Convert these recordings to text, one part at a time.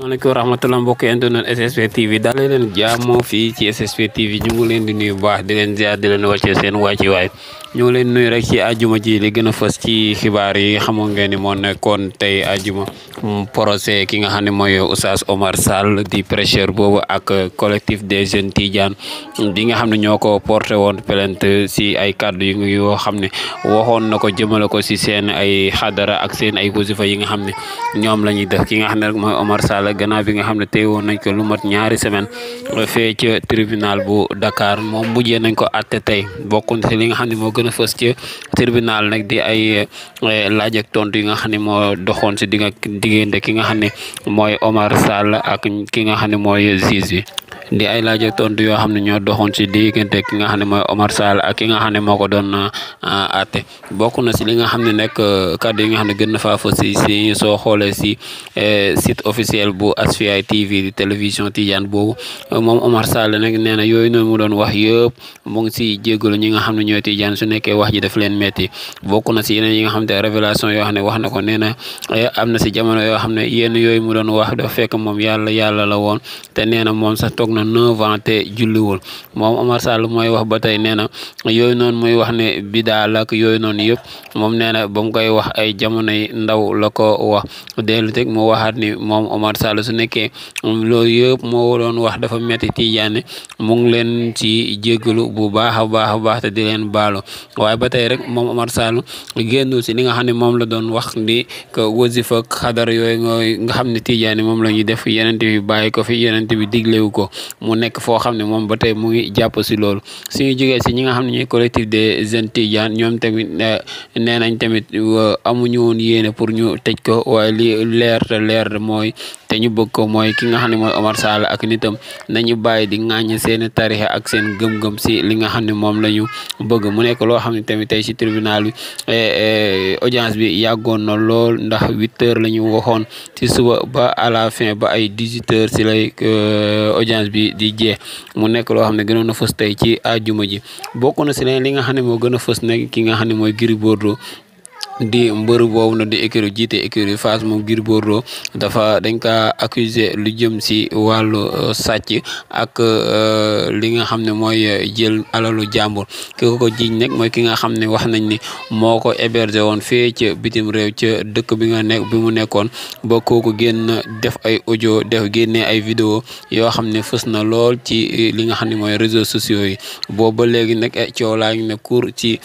maaleykum wa rahmatulah mbokk internet SSP TV dalee leen jaamoo fii ci SSP TV ñu ngi leen di nuyu bu baax di leen ziar di leen wàccee seen wàcci waay ñoo ngi leen nuyu rek ci ajuma ji li gën a fës ci xibaar yi xamoon ngeen ni moo nekkoon tey àjuma procès ki nga xam ne mooy Oustaz Omar Sall di prêcheur boobu ak collectif des jeunes Tidiane bi xam ne ñoo ko porté woon plainte si ay kàddu yoo xam ne waxoon na ko jëmale ko si seen ay xadara ak seen ay wasifa yi nga xam ne ñoom la ñuy def ki nga xam ne rek mooy Omar Sall gannaaw bi nga xam ne téye woon nañ ko lu mat ñaari semaine fee ca tribunal bu Dakar moom mujjee nañ ko àtte tey bo si li nga xam ne moo gën a fës tribunal nag di ay eh, laaj tontu nga xam ne diggante ki nga xam ne mooy Omar Sall ak ki nga xam ne mooy juge bi di ay laaj ak tontu yoo xam ne ñoo doxoon ci diggante ki nga xam ne mooy Omar Sall ak ki nga xam ne moo ko doon ah, àtte na si li nga xam ne nekk uh, kàddu yi nga xam ne gën na faa si si soo xoolee si eh, site officiel bu Asfiyahi TV di télévision Tidiane boobu uh, moom Omar Sall nag nee na yooyu noonu mu doon wax yëpp mu ngi si jégalu ñi nga xam ne ñooy Tidiane su nekkee wax ji daf leen metti bokk na si yeneen yi nga xam ne révélation yoo xam ne wax na ko nee na eh, am na si jamono yoo xam ne yenn yooyu mu doon wax dafa fekk moom yàlla yàlla la woon na neuf ans te julliwul moom Omar Sall mooy wax ba tey nee na yooyu noonu muy wax ne bidaa la ak yooyu noonu yëpp moom nee na ba koy wax ay jamonoy ndaw la ko wax dellu teg mu waxaat ni moom Omar Sall su nekkee loolu yëpp moo doon wax dafa metti Tijaane mu ngi leen ci jéggalu bu baax a baax a baax te di leen baalu waaye ba tey rek moom Omar Sall génnul si li nga xam ne moom la doon wax di ko wasifa ak xadar yooyu nga xam ne Tijaane moom la ñuy def yeneen bi bàyyi ko fi yeneen bi diglewu ko mu nekk foo xam ne moom ba tey mu ngi jàpp si loolu suñu jógee si ñu nga xam ne ñuy collectif des jeunes Tidiane ñoom tamit eh, nee nañ tamit amuñu woon yéene pour ñu tëj ko waaye li leer te leer mooy te ñu bëgg ko mooy ki nga xam ne mooy Omar Sall ak nitam nañu bàyyi di ŋàññ seen tarixa ak seen gëm-gëm si li nga xam ne moom lañu ñu bëgg mu nekk loo xam ne tamit tey si tribunal bi eh, eh, audience bi yàggoon na lool ndax huit heures la si suba ba à la fin ba ay bi di jeex mu nekk loo xam ne gënoon a fës tey ci àjjuma ji bokk na si leen li nga xam ne moo gën a fës nag ki nga xam ne mooy Gris Bordeaux di mbër boobu na di écurie jiite écurie Fass moom Gris Bordeaux dafa dañ kaa accuser lu jëm si wàllu euh, sàcc ak euh, li nga xam ne mooy euh, jël alalu jàmbur ki ko ko jiiñ nag mooy ki nga xam ne wax nañ ni moo ko hébergé woon fee ca bitim réew ca dëkk bi nga nekk bi mu nekkoon ba ko génn def ay audio def génne ay vidéo yoo xam ne fës na lool ci li nga xam ne mooy réseaux sociaux yi boobu léegi nag eh, coow laa ne cour ci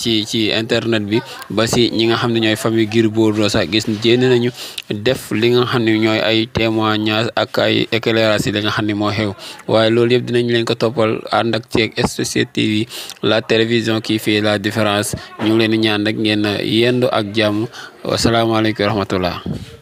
ci ci internet bi ba ñi nga xam ne ñooy famille Gris Bordeaux sax gis jénn nañu def li nga xam ne ñooy ay témoignage ak ay éclairage yi li nga xam ne moo xew waaye loolu yëpp dinañ leen ko toppal ànd ak ceeg SBT TV la télévision qui fait la différence ñu ngi leen di ñaan rek ngeen yendu ak jàmm wasalaamaaleykum wa rahmatullah